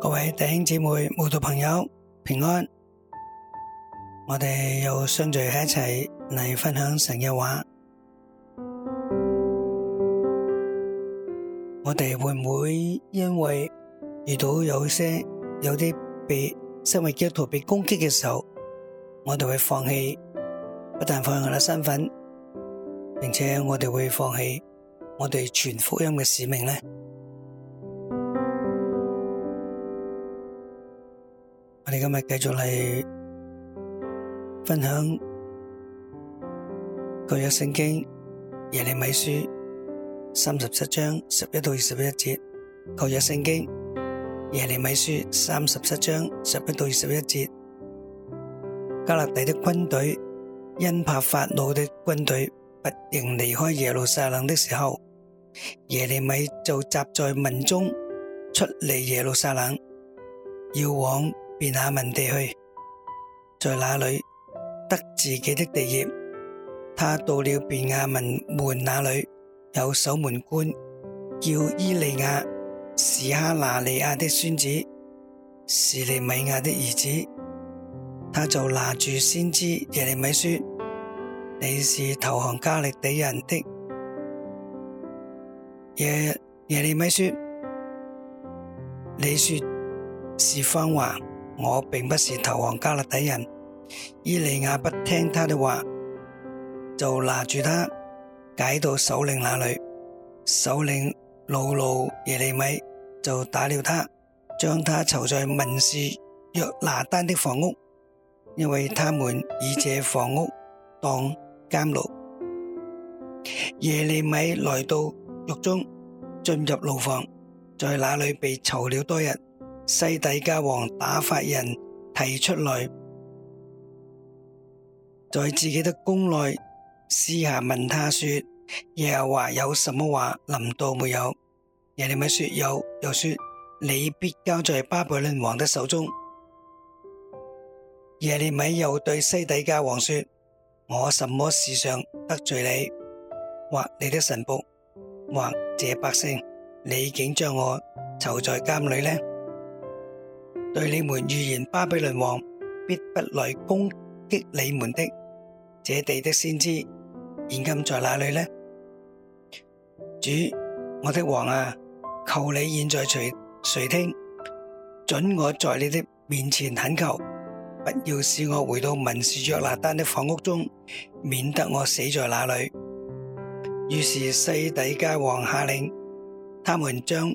各位弟兄姊妹、慕道朋友平安，我哋又相聚喺一齊嚟分享神嘅話。我哋會唔會因為遇到有些有啲被身為基督徒被攻擊嘅時候，我哋會放棄，不但放棄我哋身份，並且我哋會放棄我哋傳福音嘅使命咧？我哋今日繼續嚟分享《舊約聖經耶利米書》三十七章十一到二十一節。《舊約聖經耶利米書》三十七章十一到二十一節。迦勒底的軍隊因怕法老的軍隊拔營離開耶路撒冷的時候，耶利米就雜在民中，出嚟耶路撒冷，要往。便亞文地去，在那裏得自己的地業。他到了便亞文門那裏，有守門官，叫伊利亞，是哈拿利亞的孫子，是利米亞的兒子。他就拿住先知耶利米說：你是投降加利底人的。耶耶利米說：你說是謊話。我並不是投降加勒底人。伊利亞不聽他的話，就拿住他解到首領那裏。首領惱怒耶利米就打了他，將他囚在民事約拿單的房屋，因為他們以這房屋當監牢。 耶利米來到獄中，進入牢房，在那裏被囚了多日。西底家王打發人提出來，在自己的宮內私下問他說：耶和華有什麼話臨到沒有？耶利米說有，又說你必交在巴比倫王的手中。耶利米又對西底家王說：我什麼事上得罪你，或你的神僕，或這百姓，你竟將我囚在監裏呢？對你們預言巴比倫王必不來攻擊你們的這地的先知，現今在哪裏呢？主我的王啊，求你現在垂聽，准我在你的面前懇求，不要使我回到文士約拿單的房屋中，免得我死在那裏。於是西底家王下令，他們將。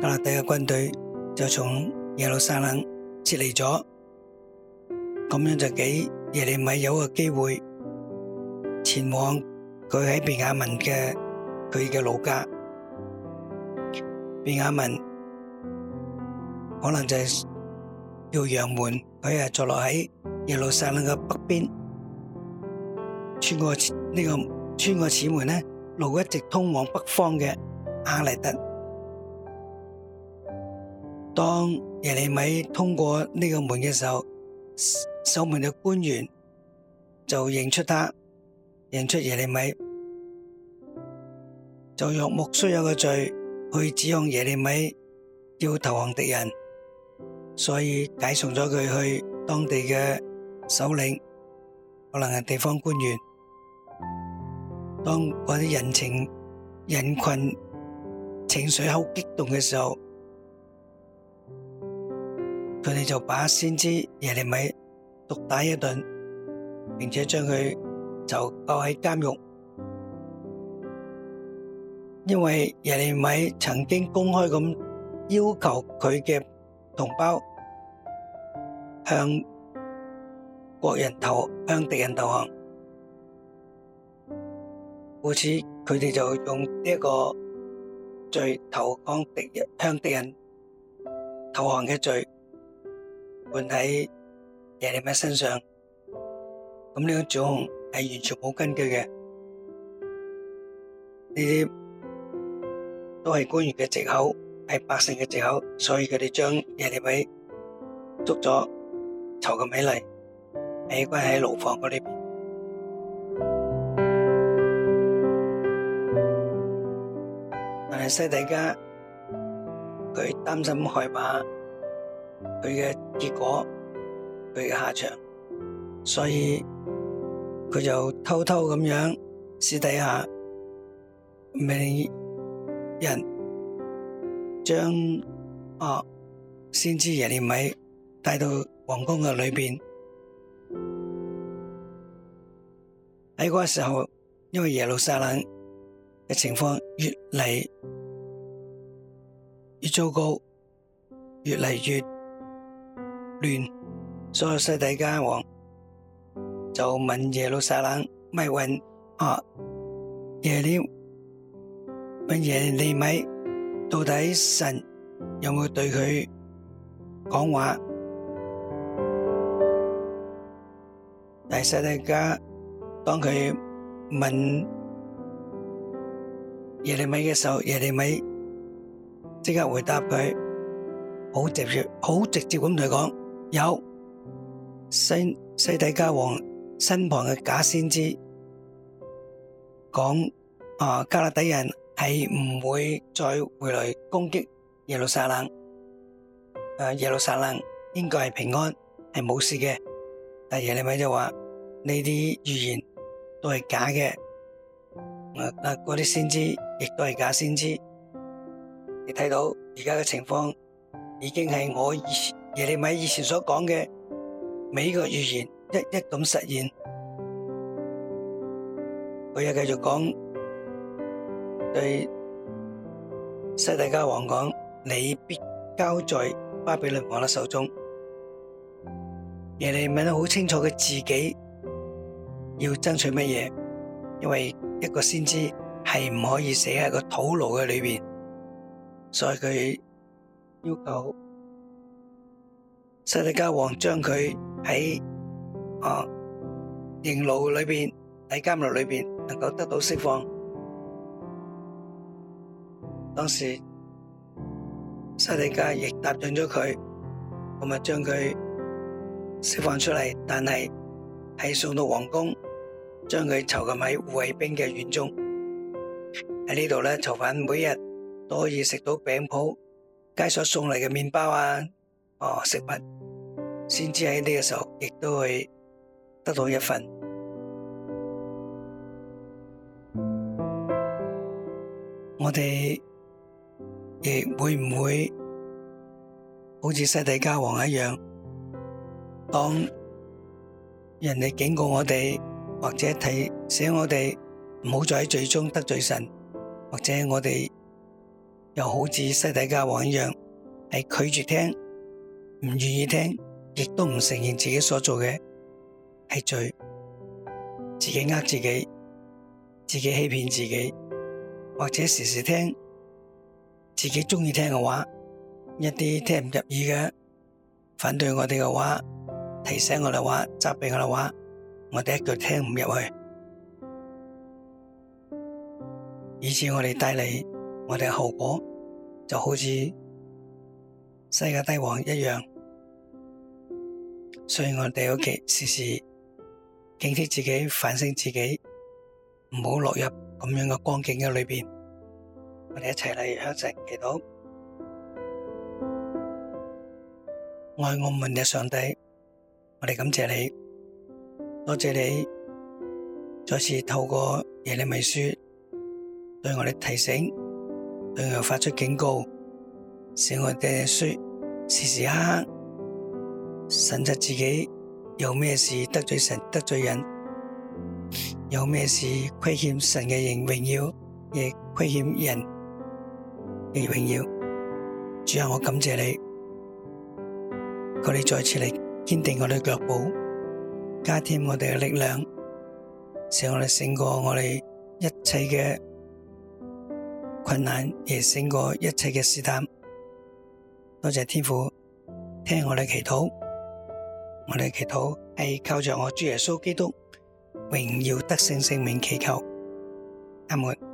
迦勒底嘅軍隊就從耶路撒冷撤離咗，咁樣就俾耶利米有一個機會前往佢喺便雅憫嘅佢嘅老家。便雅憫可能就係叫羊門，佢係坐落喺耶路撒冷嘅北邊，穿過呢個穿過此門咧，路一直通往北方嘅亞力特。當耶利米通過呢個門嘅時候，守門嘅官員就認出他，認出耶利米，就用莫須有嘅罪去指控耶利米要投降敵人，所以解送咗佢去當地嘅首領，可能係地方官員。當嗰啲人情人群情緒好激動嘅時候。佢哋就把先知耶利米毒打一頓，並且將佢囚禁喺監獄，因為耶利米曾經公開咁要求佢嘅同胞向國人投向敵人投降，故此佢哋就用呢一個罪投降敵人向敵人投降嘅罪。換喺耶利米身上，咁呢一種係完全冇根據嘅，呢啲都係官員嘅借口，係百姓嘅借口，所以佢哋將耶利米捉咗囚禁起嚟，係關喺牢房嗰啲。但係西底家佢擔心害怕。佢嘅結果，佢嘅下場，所以佢就偷偷咁樣私底下命人將啊先知耶利米帶到皇宮嘅裏邊。喺嗰個時候，因為耶路撒冷嘅情況越嚟越糟糕，越嚟越亂，所以釋提加西底家王就問耶路撒冷咪問啊耶利，問耶利米到底神有冇對佢講話？但係西底家當佢問耶利米嘅時候，耶利米即刻回答佢好直接，好直接咁同佢講。有西西底家王身旁嘅假先知講啊，加勒底人係唔會再回來攻擊耶路撒冷，誒、啊，耶路撒冷應該係平安係冇事嘅。但耶利米就話呢啲預言都係假嘅，啊，嗰啲先知亦都係假先知。你睇到而家嘅情況已經係我以前。耶利米以前所講嘅每一個預言一一咁實現，佢又繼續講對西底家王講：你必交在巴比倫王嘅手中。耶利米都好清楚佢自己要爭取乜嘢，因為一個先知係唔可以死喺個土牢嘅裏邊，所以佢要求。西里加王將佢喺啊刑牢裏邊，喺監獄裏邊能夠得到釋放，當時西里加亦答應咗佢。咁啊將佢釋放出嚟，但係係送到皇宮，將佢囚禁喺護衛兵嘅院中，喺呢度咧囚犯每日都可以食到餅鋪街所送嚟嘅麵包啊。哦，食物先知喺呢個時候亦都會得到一份。 我哋亦會唔會好似西底家王一樣，當人哋警告我哋，或者提醒我哋唔好再喺罪中得罪神，或者我哋又好似西底家王一樣，係拒絕聽，唔願意聽，亦都唔承認自己所做嘅係罪，自己呃自己，自己欺騙自己，或者時時聽自己鍾意聽嘅話，一啲聽唔入耳嘅反對我哋嘅話，提醒我哋嘅話，責備我哋嘅話，我哋一句聽唔入去，以致我哋帶嚟我哋嘅後果，就好似世界帝王一樣。所以我哋要記時時警惕自己、反省自己，唔好落入咁樣嘅光景嘅裏邊。我哋一齊嚟向神祈禱，愛我們嘅上帝，我哋感謝你，多謝你再次透過耶利米書對我哋提醒，對我哋發出警告，使我哋嘅需時時刻。審視自己有咩事得罪神得罪人，有咩事虧欠神嘅榮榮耀，亦虧欠人嘅榮耀。主啊，我感謝你，求你再次嚟堅定我哋腳步，加添我哋嘅力量，使我哋勝過我哋一切嘅困難，亦勝過一切嘅試探。多謝天父，聽我哋祈禱。我哋祈禱係靠著我主耶穌基督榮耀得勝聖名祈求，阿門。